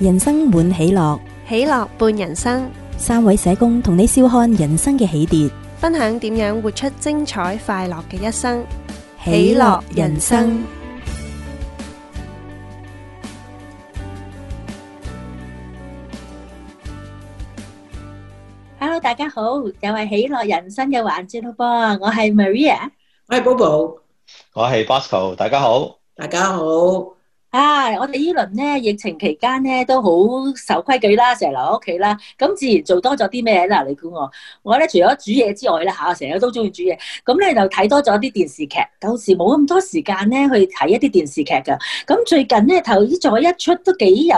人生滿喜樂，喜樂伴人生。三位社工同你笑看人生嘅起跌，分享點樣活出精彩快樂嘅一生。喜樂人生。Hello，大家好，又係喜樂人生嘅環節咯噃，我係 Maria，我係 Bobo，我係 Bosco，大家好，大家好。啊！我哋依輪咧，疫情期間咧都好守規矩啦，成日留喺屋企啦。咁自然做多咗啲咩咧？你估我？我咧除咗煮嘢之外啦，吓、啊，成日都中意煮嘢。咁咧就睇多咗啲電視劇。舊時冇咁多時間咧去睇一啲電視劇噶。咁最近咧投依咗一出都幾有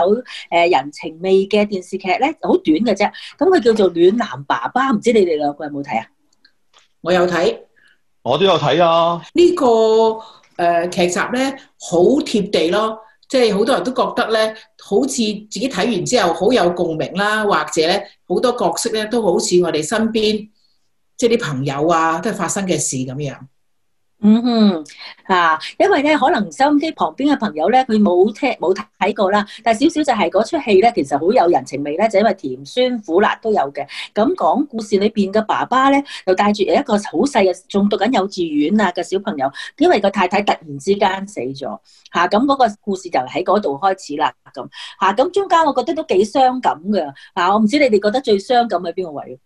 誒人情味嘅電視劇咧，好短嘅啫。咁佢叫做《暖男爸爸》，唔知你哋兩個有冇睇啊？我有睇，我都有睇啊。這個呃、劇呢個誒劇集咧好貼地咯。即係好多人都覺得咧，好似自己睇完之後好有共鳴啦，或者好多角色咧都好似我哋身邊，即係啲朋友啊，都係發生嘅事咁樣。嗯哼，啊，因為咧可能收音機旁邊嘅朋友咧，佢冇聽冇睇過啦，但係少少就係嗰出戲咧，其實好有人情味咧，就因為甜酸苦辣都有嘅。咁講故事裏邊嘅爸爸咧，就帶住一個好細嘅，仲讀緊幼稚園啊嘅小朋友，因為個太太突然之間死咗，吓，咁嗰個故事就喺嗰度開始啦，咁吓咁中間我覺得都幾傷感嘅，啊，我唔知你哋覺得最傷感喺邊個位？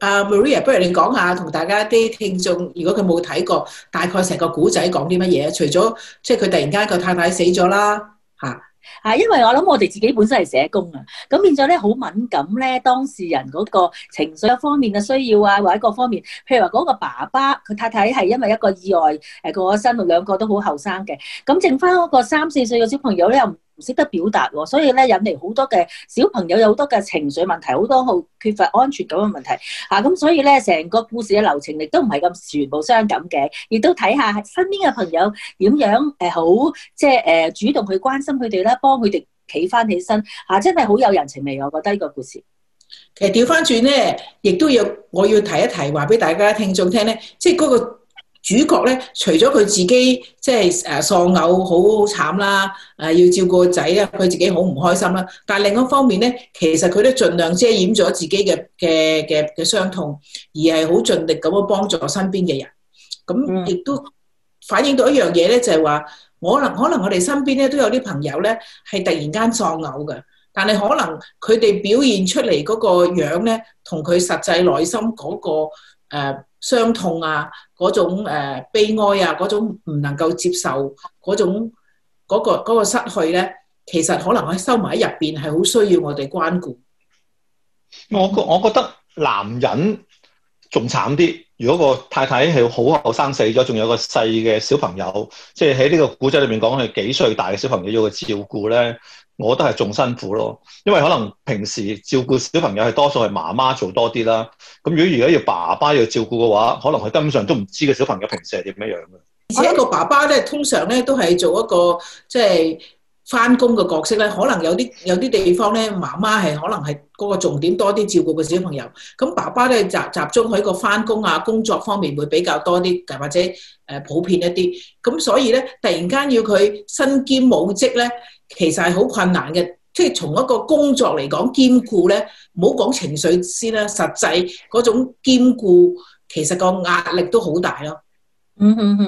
阿、uh, Maria，不如你講下，同大家啲聽眾，如果佢冇睇過，大概成個古仔講啲乜嘢？除咗即係佢突然間個太太死咗啦，吓吓，因為我諗我哋自己本身係社工啊，咁變咗咧好敏感咧，當事人嗰個情緒方面嘅需要啊，或者各方面，譬如話嗰個爸爸，佢太太係因為一個意外誒過身，兩個都好後生嘅，咁剩翻嗰個三四歲嘅小朋友咧又唔識得表達喎，所以咧引嚟好多嘅小朋友有好多嘅情緒問題，好多好缺乏安全感嘅問題啊！咁所以咧成個故事嘅流程亦都唔係咁全部傷感嘅，亦都睇下身邊嘅朋友點樣誒好即係誒主動去關心佢哋啦，幫佢哋企翻起身啊！真係好有人情味，我覺得呢個故事。其實調翻轉咧，亦都要我要提一提，話俾大家聽眾聽咧，即係嗰個。主角咧，除咗佢自己即係誒喪偶好好慘啦，誒、呃、要照顧個仔呀，佢自己好唔開心啦。但係另一方面咧，其實佢都盡量遮掩咗自己嘅嘅嘅嘅傷痛，而係好盡力咁樣幫助身邊嘅人。咁亦都反映到一樣嘢咧，就係話，可能可能我哋身邊咧都有啲朋友咧係突然間喪偶嘅，但係可能佢哋表現出嚟嗰個樣咧，同佢實際內心嗰、嗰個、呃傷痛啊，嗰種悲哀啊，嗰種唔能夠接受嗰種嗰個嗰個失去咧，其實可能喺收埋喺入邊係好需要我哋關顧。我覺我覺得男人仲慘啲，如果個太太係好後生死咗，仲有個細嘅小朋友，即係喺呢個古仔裏面講係幾歲大嘅小朋友要佢照顧咧。我覺得係仲辛苦咯，因為可能平時照顧小朋友係多數係媽媽做多啲啦。咁如果而家要爸爸要照顧嘅話，可能佢根本上都唔知個小朋友平時係點樣樣嘅。而且一個爸爸咧，通常咧都係做一個即係翻工嘅角色咧。可能有啲有啲地方咧，媽媽係可能係嗰個重點多啲照顧個小朋友。咁爸爸咧集集中喺個翻工啊工作方面會比較多啲，或者誒普遍一啲。咁所以咧，突然間要佢身兼母職咧。其實係好困難嘅，即係從一個工作嚟講兼顧咧，唔好講情緒先啦。實際嗰種兼顧，其實個壓力都好大咯。嗯哼哼，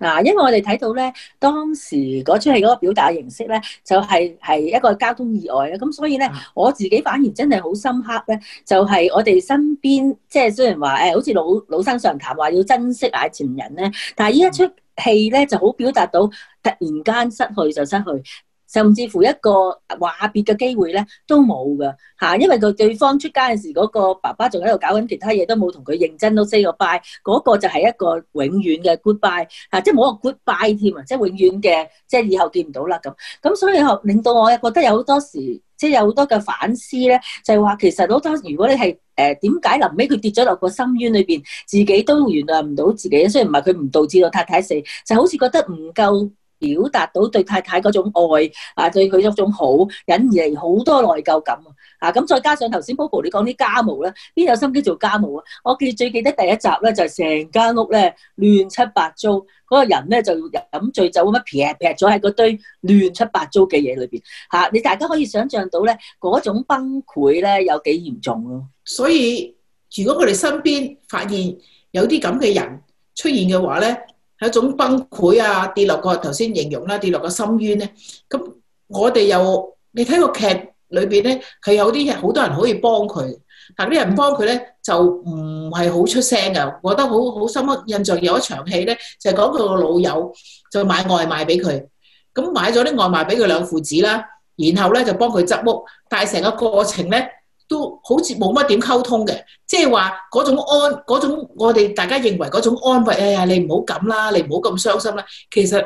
嗱、嗯嗯，因為我哋睇到咧，當時嗰出戲嗰個表達形式咧、就是，就係係一個交通意外咧，咁所以咧，我自己反而真係好深刻咧，就係、是、我哋身邊即係雖然話誒，好似老老生常談話要珍惜眼前人咧，但係依一出戲咧就好表達到突然間失去就失去。甚至乎一個話別嘅機會咧都冇噶吓，因為個對方出街嗰時，嗰個爸爸仲喺度搞緊其他嘢，都冇同佢認真都 say 個 bye，嗰個就係一個永遠嘅 goodbye 吓，即係冇個 goodbye 添啊，即係永遠嘅，即係以後見唔到啦咁。咁所以令到我覺得有好多時，即係有好多嘅反思咧，就係話其實好多如果你係誒點解臨尾佢跌咗落個深淵裏邊，自己都原諒唔到自己，雖然唔係佢唔導致到太太死，就好似覺得唔夠。表達到對太太嗰種愛啊，對佢嗰種好，引嚟好多內疚感啊！咁再加上頭先 BoBo 你講啲家務咧，邊有心機做家務啊？我記最記得第一集咧，就係成間屋咧亂七八糟，嗰個人咧就飲醉酒咁樣劈劈咗喺個堆亂七八糟嘅嘢裏邊嚇，你大家可以想象到咧嗰種崩潰咧有幾嚴重咯。所以如果佢哋身邊發現有啲咁嘅人出現嘅話咧，係一種崩潰啊！跌落個頭先形容啦，跌落個深淵咧。咁我哋又你睇個劇裏邊咧，佢有啲人好多人可以幫佢，但啲人唔幫佢咧，就唔係好出聲嘅。我覺得好好深刻印象有一場戲咧，就係講佢個老友就買外賣俾佢，咁買咗啲外賣俾佢兩父子啦，然後咧就幫佢執屋，但係成個過程咧。都好似冇乜點溝通嘅，即係話嗰種安嗰種我哋大家認為嗰種安慰，哎呀你唔好咁啦，你唔好咁傷心啦。其實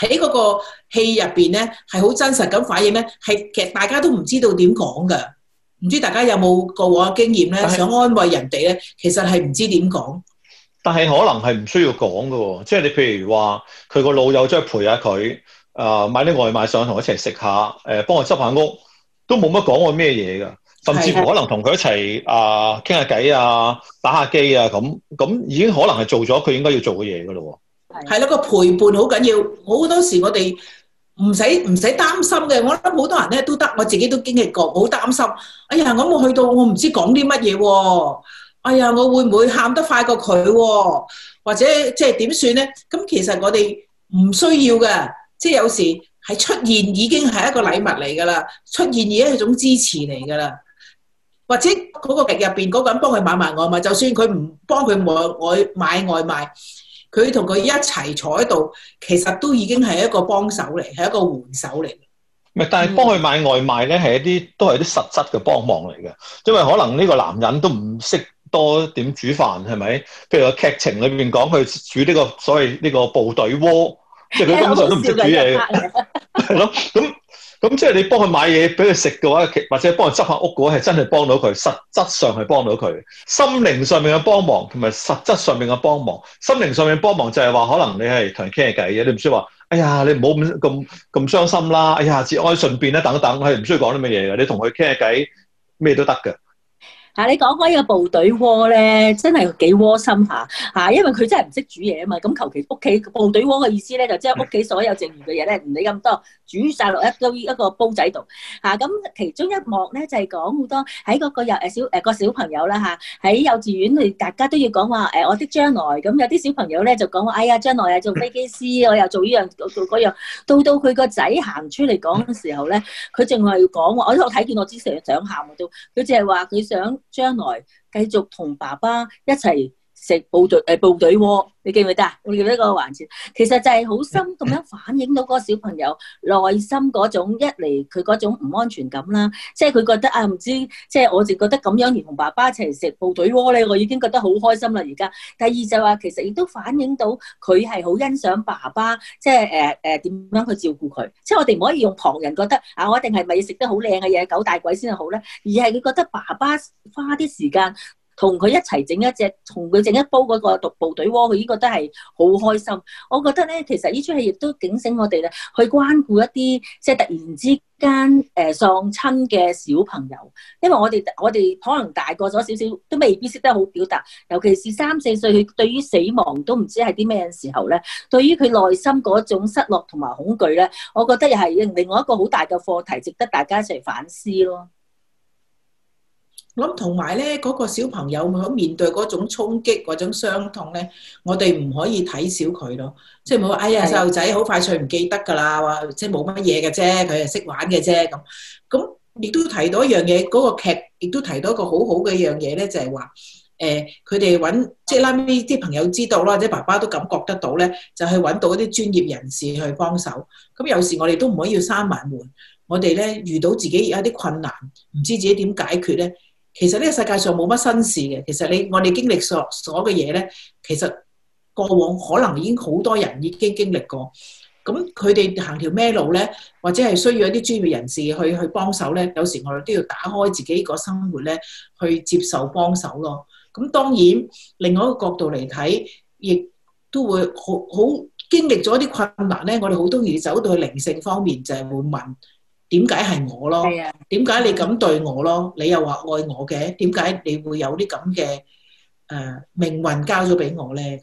喺嗰個戲入邊咧，係好真實咁反映咧，係其實大家都唔知道點講噶。唔知大家有冇過我經驗咧，想安慰人哋咧，其實係唔知點講。但係可能係唔需要講噶喎，即係你譬如話佢個老友再陪下佢，啊買啲外賣上同我一齊食下，誒幫我執下屋，都冇乜講過咩嘢噶。甚至乎可能同佢一齊啊傾下偈啊打下機啊咁咁已經可能係做咗佢應該要做嘅嘢㗎咯喎，係咯，個陪伴好緊要，好多時我哋唔使唔使擔心嘅，我諗好多人咧都得，我自己都經歷過，好擔心。哎呀，我冇去到，我唔知講啲乜嘢喎。哎呀，我會唔會喊得快過佢喎？或者即係點算咧？咁其實我哋唔需要嘅，即係有時係出現已經係一個禮物嚟㗎啦，出現已經係一種支持嚟㗎啦。或者嗰個劇入邊嗰個人幫佢買埋外賣，就算佢唔幫佢外外買外賣，佢同佢一齊坐喺度，其實都已經係一個幫手嚟，係一個援手嚟。唔係，但係幫佢買外賣咧，係一啲都係啲實質嘅幫忙嚟嘅，因為可能呢個男人都唔識多點煮飯，係咪？譬如個劇情裏邊講佢煮呢個所謂呢個部隊鍋，即係佢根本上都唔識煮嘢。係咯，咁咁即係你幫佢買嘢，俾佢食嘅話，或者幫佢執下屋嘅話，係真係幫到佢，實質上係幫到佢。心靈上面嘅幫忙同埋實質上面嘅幫忙，心靈上面幫忙就係話可能你係同人傾下偈嘅，你唔需要話，哎呀你唔好咁咁咁傷心啦，哎呀節哀順便等等我等，係唔需要講啲乜嘢嘅，你同佢傾下偈咩都得嘅。啊！你講開個部隊鍋咧，真係幾窩心嚇嚇、啊，因為佢真係唔識煮嘢啊嘛。咁求其屋企部隊鍋嘅意思咧，就即係屋企所有剩餘嘅嘢咧，唔理咁多，煮晒落一都一個煲仔度嚇。咁、啊、其中一幕咧就係講好多喺嗰個幼誒小誒、嗰個小朋友啦嚇，喺、啊、幼稚園佢大家都要講話誒我的將來。咁有啲小朋友咧就講哎呀將來啊做飛機師，我又做呢樣做做嗰樣。到到佢個仔行出嚟講嘅時候咧，佢淨係講我我睇見我之成日想喊都，佢淨係話佢想。將來繼續同爸爸一齊。食部隊誒、呃，部隊鍋，你記唔記得啊？我記得嗰個環節，其實就係好深咁樣反映到嗰個小朋友內心嗰種一嚟佢嗰種唔安全感啦，即係佢覺得啊，唔知即係我就覺得咁樣同爸爸一齊食部隊鍋咧，我已經覺得好開心啦而家。第二就話、是、其實亦都反映到佢係好欣賞爸爸，即係誒誒點樣去照顧佢。即係我哋唔可以用旁人覺得啊，我一定係咪要食得好靚嘅嘢，九大簋先係好咧？而係佢覺得爸爸花啲時間。同佢一齊整一隻，同佢整一煲嗰個部隊鍋，佢已經覺得係好開心。我覺得咧，其實呢出戲亦都警醒我哋咧，去關顧一啲即係突然之間誒、呃、喪親嘅小朋友。因為我哋我哋可能大個咗少少，都未必識得好表達。尤其是三四歲，佢對於死亡都唔知係啲咩嘢時候咧。對於佢內心嗰種失落同埋恐懼咧，我覺得又係另外一個好大嘅課題，值得大家一齊反思咯。同埋咧，嗰個小朋友面對嗰種衝擊、嗰種傷痛咧，我哋唔可以睇小佢咯。即係唔好話，哎呀，細路仔好快脆唔記得㗎啦，或即係冇乜嘢嘅啫，佢係識玩嘅啫咁。咁亦都提到一樣嘢，嗰個劇亦都提到一個好好嘅一樣嘢咧，就係話佢哋搵，即係拉尾啲朋友知道啦，或者爸爸都感覺得到咧，就係搵到一啲專業人士去幫手。咁有時我哋都唔可以要閂埋門，我哋咧遇到自己而家啲困難，唔知自己點解決咧？其實呢個世界上冇乜新事嘅，其實你我哋經歷所所嘅嘢咧，其實過往可能已經好多人已經經歷過。咁佢哋行條咩路咧，或者係需要一啲專業人士去去幫手咧？有時我哋都要打開自己個生活咧，去接受幫手咯。咁當然，另外一個角度嚟睇，亦都會好好經歷咗啲困難咧。我哋好鍾意走到去靈性方面，就係會問。點解係我咯？點解你咁對我咯？你又話愛我嘅？點解你會有啲咁嘅誒命運交咗俾我咧？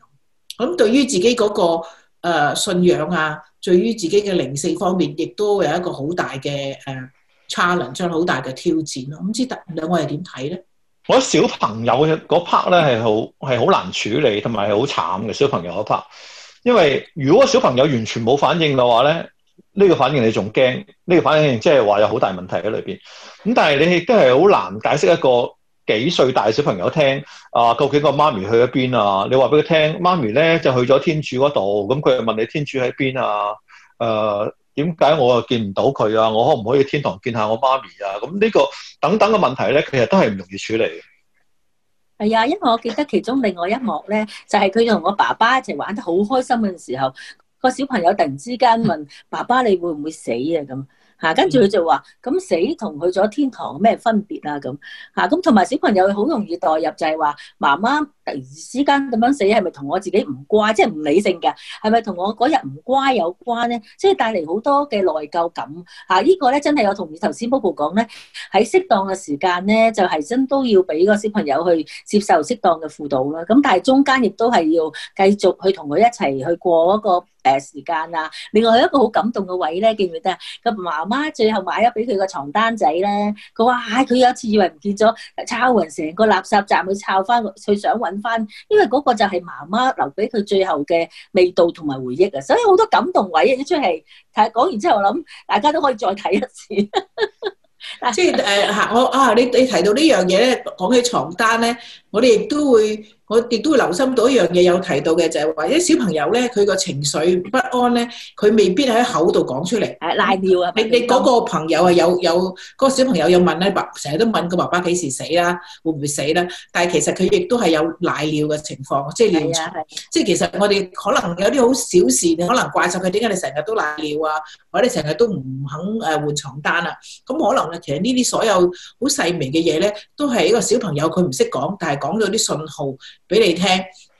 咁對於自己嗰個誒信仰啊，對於自己嘅靈性方面，亦都有一個好大嘅誒 challenge 好大嘅挑戰咯。唔知得兩位係點睇咧？我覺得小朋友嗰 part 咧係好係好難處理，同埋係好慘嘅小朋友嗰 part。因為如果小朋友完全冇反應嘅話咧。呢個反應你仲驚？呢個反應即係話有好大問題喺裏邊。咁但係你亦都係好難解釋一個幾歲大小朋友聽啊，究竟個媽咪去咗邊啊？你話俾佢聽，媽咪咧就去咗天主嗰度。咁佢又問你天主喺邊啊？誒，點解我又見唔到佢啊？我可唔可以天堂見下我媽咪啊？咁呢個等等嘅問題咧，其實都係唔容易處理。係啊，因為我記得其中另外一幕咧，就係佢同我爸爸一齊玩得好開心嘅時候。個小朋友突然之間問爸爸：你會唔會死啊？咁、嗯、嚇，跟住佢就話：咁死同去咗天堂咩分別啊？咁嚇，咁同埋小朋友好容易代入就是說，就係話媽媽。突然之間咁樣死，係咪同我自己唔乖，即係唔理性嘅？係咪同我嗰日唔乖有關咧？即係帶嚟好多嘅內疚感嚇。依、啊這個咧真係我同意頭先 Bobo 講咧，喺適當嘅時間咧，就係、是、真都要俾個小朋友去接受適當嘅輔導啦。咁但係中間亦都係要繼續去同佢一齊去過嗰個誒時間啊。另外一個好感動嘅位咧，記唔記得啊？個媽媽最後買咗俾佢個床單仔咧，佢話：唉、哎，佢有一次以為唔見咗，抄完成個垃圾站去抄翻，去想揾翻，因為嗰個就係媽媽留俾佢最後嘅味道同埋回憶啊，所以好多感動位啊！一出戲睇講完之後，我諗大家都可以再睇一次。 即係誒，我、呃、啊，你你提到呢樣嘢咧，講起床單咧，我哋亦都會。我亦都會留心到一樣嘢，有提到嘅就係或者小朋友咧，佢個情緒不安咧，佢未必喺口度講出嚟，誒瀨尿啊！你你嗰個朋友啊，有有嗰個小朋友有問咧，爸成日都問個爸爸幾時死啊，會唔會死咧？但係其實佢亦都係有瀨尿嘅情況，即係連牀，即係其實我哋可能有啲好小事嘅，可能怪獸佢點解你成日都瀨尿啊，或者你成日都唔肯誒換床單啊。咁可能咧，其實呢啲所有好細微嘅嘢咧，都係一個小朋友佢唔識講，但係講咗啲信號，俾你聽，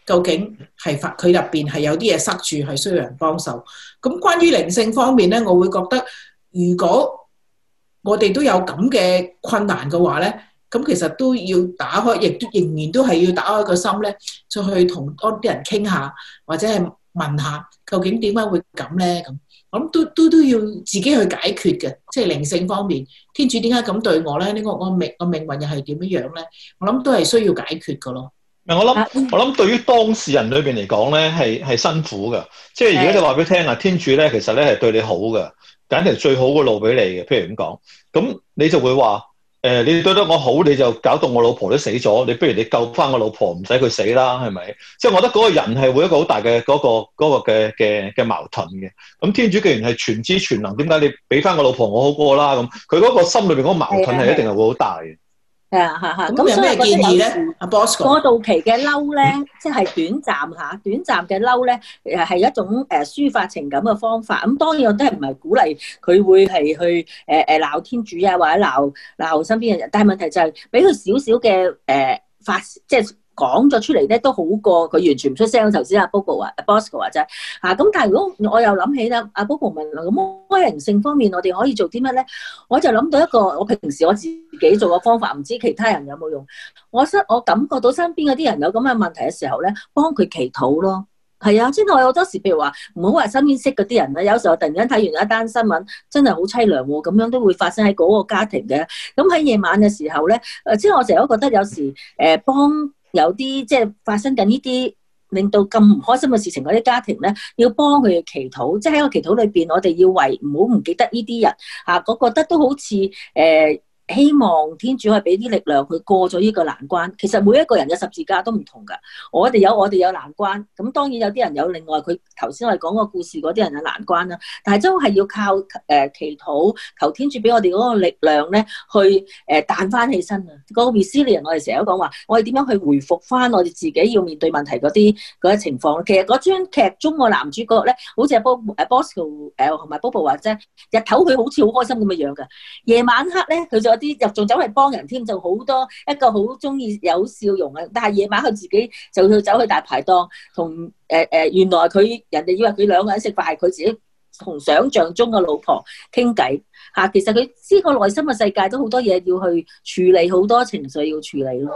究竟係發佢入邊係有啲嘢塞住，係需要人幫手。咁關於靈性方面咧，我會覺得如果我哋都有咁嘅困難嘅話咧，咁其實都要打開，亦都仍然都係要打開個心咧，再去同多啲人傾下，或者係問下究竟點解會咁咧？咁我諗都都都要自己去解決嘅，即係靈性方面，天主點解咁對我咧？呢個我命我命運又係點樣樣咧？我諗都係需要解決噶咯。我諗，我諗對於當事人裏邊嚟講咧，係係辛苦嘅。即係而家你話俾你聽啊，天主咧其實咧係對你好嘅，揀條最好嘅路俾你嘅。譬如咁講，咁你就會話，誒、呃，你對得我好，你就搞到我老婆都死咗。你不如你救翻我老婆，唔使佢死啦，係咪？即係我覺得嗰個人係會一個好大嘅嗰、那個嗰、那個嘅嘅嘅矛盾嘅。咁天主既然係全知全能，點解你俾翻我老婆我好過啦？咁佢嗰個心裏邊嗰個矛盾係一定係會好大嘅。係、嗯、啊，係係。咁有咩建議咧？啊，Bosco？過渡期嘅嬲咧，即、就、係、是、短暫嚇，短暫嘅嬲咧，係一種誒抒發情感嘅方法。咁當然我都係唔係鼓勵佢會係去誒鬧天主啊，或者鬧身邊嘅人。但係問題就係俾佢少少嘅誒發，即係講咗出嚟咧都好過佢完全唔出聲。頭先阿 Bobo 啊，阿 Bosco 話啫嚇。咁但係如果我又諗起咧，阿、啊、Bobo 問話咁開人性方面，我哋可以做啲乜咧？我就諗到一個我平時我自己做嘅方法，唔知其他人有冇用？我身，我感覺到身邊嗰啲人有咁嘅問題嘅時候咧，幫佢祈禱咯。係啊，即係我有好多時，譬如話唔好話身邊認識嗰啲人啦。有時候我突然間睇完一單新聞，真係好淒涼喎，咁樣都會發生喺嗰個家庭嘅。咁喺夜晚嘅時候咧，誒即係我成日都覺得有時誒、欸、幫。有啲即係發生緊呢啲令到咁唔開心嘅事情嗰啲家庭咧，要幫佢祈禱，即係喺個祈禱裏邊，我哋要為唔好唔記得呢啲人吓、啊，我覺得都好似誒。呃希望天主可以俾啲力量佢過咗呢個難關。其實每一個人嘅十字架都唔同㗎，我哋有我哋有難關，咁當然有啲人有另外佢頭先我哋講個故事嗰啲人嘅難關啦。但係都係要靠誒祈禱，求天主俾我哋嗰個力量咧，去誒彈翻起身啊！嗰、那個 resilience 我哋成日都講話，我哋點樣去回復翻我哋自己要面對問題嗰啲嗰情況？其實嗰出劇中個男主角咧，好似阿 Bosco 誒同埋 Bobo 話啫，日頭佢好似好開心咁嘅樣嘅，夜晚黑咧佢就～嗰啲又仲走去幫人添，就好多一個好中意有笑容嘅，但係夜晚佢自己就要走去大排檔同誒誒，原來佢人哋以為佢兩個人食飯，係佢自己同想象中嘅老婆傾偈嚇。其實佢知個內心嘅世界都好多嘢要去處理，好多情緒要處理咯。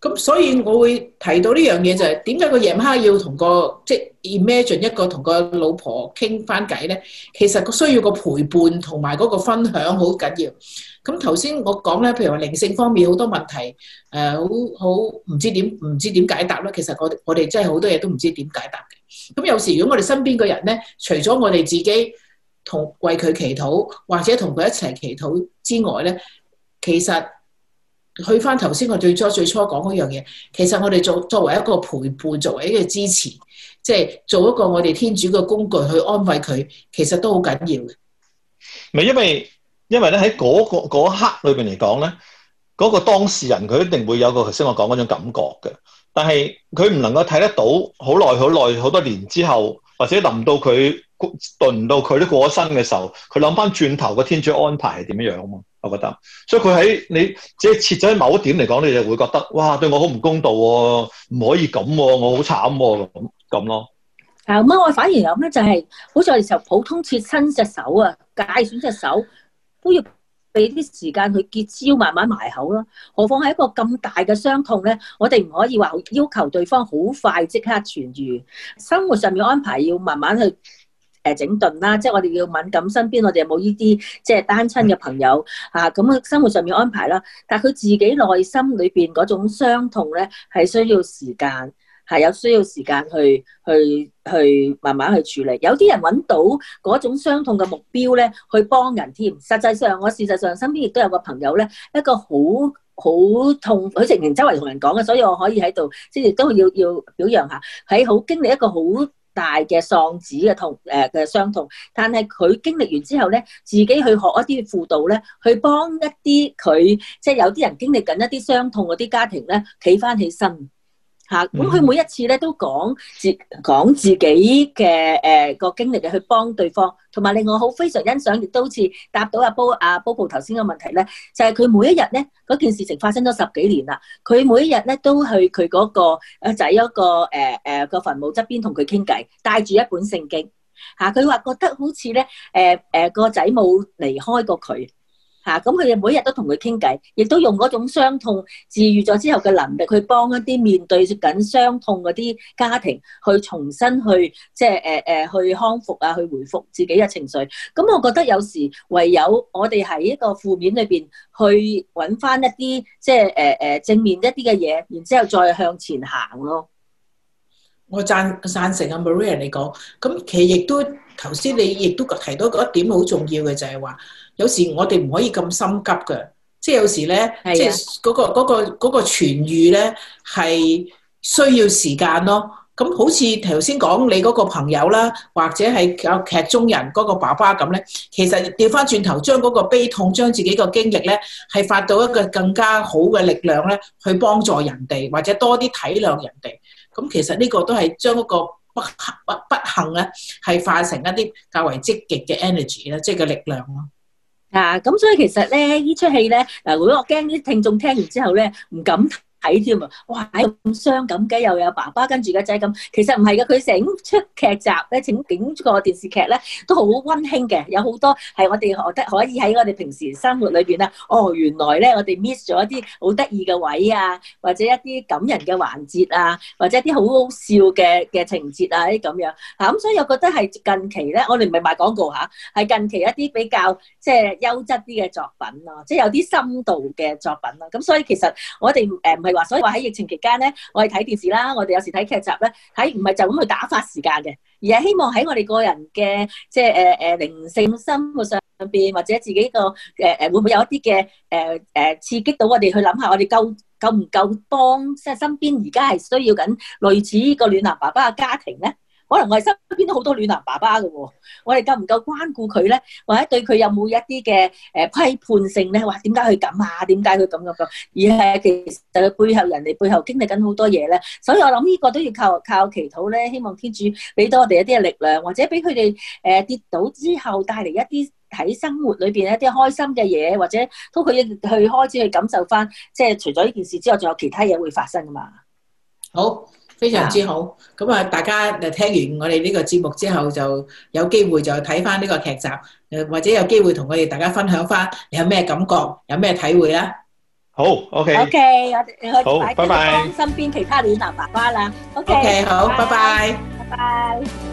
咁所以，我會提到呢樣嘢就係點解個夜晚黑要同個即係 imagine 一個同個,個老婆傾翻偈咧？其實個需要個陪伴同埋嗰個分享好緊要。咁頭先我講咧，譬如話靈性方面好多問題，誒好好唔知點唔知點解答咧。其實我我哋真係好多嘢都唔知點解答嘅。咁有時如果我哋身邊個人咧，除咗我哋自己同為佢祈禱，或者同佢一齊祈禱之外咧，其實去翻頭先我最初最初講嗰樣嘢，其實我哋做作為一個陪伴，作為一個支持，即係做一個我哋天主嘅工具去安慰佢，其實都好緊要嘅。咪因為？因為咧喺嗰刻裏邊嚟講咧，嗰、嗰個當事人佢一定會有個頭先我講嗰種感覺嘅，但係佢唔能夠睇得到好耐好耐好多年之後，或者臨到佢輪到佢都過咗身嘅時候，佢諗翻轉頭個天主安排係點樣樣啊？我覺得，所以佢喺你即係切咗喺某一點嚟講，你就會覺得哇，對我好唔公道喎、啊，唔可以咁喎、啊，我好慘喎咁咁咯。啊，咁我反而有咩就係、是，好似我哋時候普通切親隻手啊，界損隻手。都要俾啲時間去結焦，慢慢埋口咯。何況係一個咁大嘅傷痛咧，我哋唔可以話要求對方好快即刻痊癒。生活上面安排要慢慢去誒整頓啦，即係我哋要敏感身邊，我哋有冇呢啲即係單親嘅朋友嚇咁嘅生活上面安排啦。但係佢自己內心裏邊嗰種傷痛咧，係需要時間。係有需要時間去去去，去慢慢去處理，有啲人揾到嗰種傷痛嘅目標咧，去幫人添。實際上，我事實上身邊亦都有個朋友咧，一個好好痛，佢直情周圍同人講嘅，所以我可以喺度即係亦都要要表揚下，喺好經歷一個好大嘅喪子嘅痛誒嘅傷痛，但係佢經歷完之後咧，自己去學一啲輔導咧，去幫一啲佢即係有啲人經歷緊一啲傷痛嗰啲家庭咧，企翻起身。嚇、嗯！咁佢每一次咧都講自講自己嘅誒個經歷去幫對方，同埋令我好非常欣賞亦都好似答到阿煲阿 b b o 頭先嘅問題咧，就係、是、佢每一日咧嗰件事情發生咗十幾年啦。佢每一日咧都去佢嗰個仔嗰個誒誒個墳墓側邊同佢傾偈，帶住一本聖經嚇。佢話覺得好似咧誒誒個仔冇離開過佢。嚇！咁佢哋每日都同佢傾偈，亦都用嗰種傷痛治愈咗之後嘅能力，去幫一啲面對緊傷痛嗰啲家庭，去重新去即係誒誒去康復啊，去回復自己嘅情緒。咁我覺得有時唯有我哋喺一個負面裏邊去揾翻一啲即係誒誒正面一啲嘅嘢，然之後再向前行咯。我贊贊成阿、啊、Maria 你講，咁其實亦都頭先你亦都提到嗰一點好重要嘅就係話。有時我哋唔可以咁心急嘅，即係有時咧，即係嗰個嗰個嗰個痊癒咧，係需要時間咯。咁好似頭先講你嗰個朋友啦，或者係有劇中人嗰個爸爸咁咧，其實調翻轉頭將嗰個悲痛，將自己個經歷咧，係發到一個更加好嘅力量咧，去幫助人哋，或者多啲體諒人哋。咁其實呢個都係將嗰個不幸不，不，不幸咧，係化成一啲較為積極嘅 energy 咧，即係個力量咯。啊！咁所以其實咧，呢出戲咧，嗱，如果我驚啲聽眾聽完之後咧，唔敢睇添啊！哇，咁傷感嘅，又有爸爸跟住個仔咁。其實唔係嘅，佢成出劇集咧，整整個電視劇咧，都好温馨嘅。有好多係我哋學得可以喺我哋平時生活裏邊啊。哦，原來咧我哋 miss 咗一啲好得意嘅位啊，或者一啲感人嘅環節啊，或者啲好好笑嘅嘅情節啊，啲咁樣。嗱咁，所以我覺得係近期咧，我哋唔係賣廣告嚇，係近期一啲比較即係優質啲嘅作品咯，即係有啲深度嘅作品咯。咁所以其實我哋誒唔係。話所以話，喺疫情期間咧，我哋睇電視啦，我哋有時睇劇集咧，睇唔係就咁去打發時間嘅，而係希望喺我哋個人嘅即係誒誒靈性生活上邊，或者自己個誒誒會唔會有一啲嘅誒誒刺激到我哋去諗下，我哋夠夠唔夠幫即係身邊而家係需要緊類似呢個暖男爸爸嘅家庭咧？可能我哋身邊都好多暖男爸爸嘅，我哋夠唔夠關顧佢咧，或者對佢有冇一啲嘅誒批判性咧？話點解佢咁啊？點解佢咁咁咁？而係其實就係背後人哋背後經歷緊好多嘢咧。所以我諗呢個都要靠靠祈禱咧，希望天主俾到我哋一啲嘅力量，或者俾佢哋誒跌倒之後帶嚟一啲喺生活裏邊一啲開心嘅嘢，或者都佢去開始去感受翻，即係除咗呢件事之外，仲有其他嘢會發生噶嘛？好。非常之好，咁啊，大家就聽完我哋呢個節目之後，就有機會就睇翻呢個劇集，誒或者有機會同我哋大家分享翻有咩感覺，有咩體會啊？好，OK。OK，我哋去拜訪身邊其他暖男爸爸啦。OK，好，拜拜。拜拜。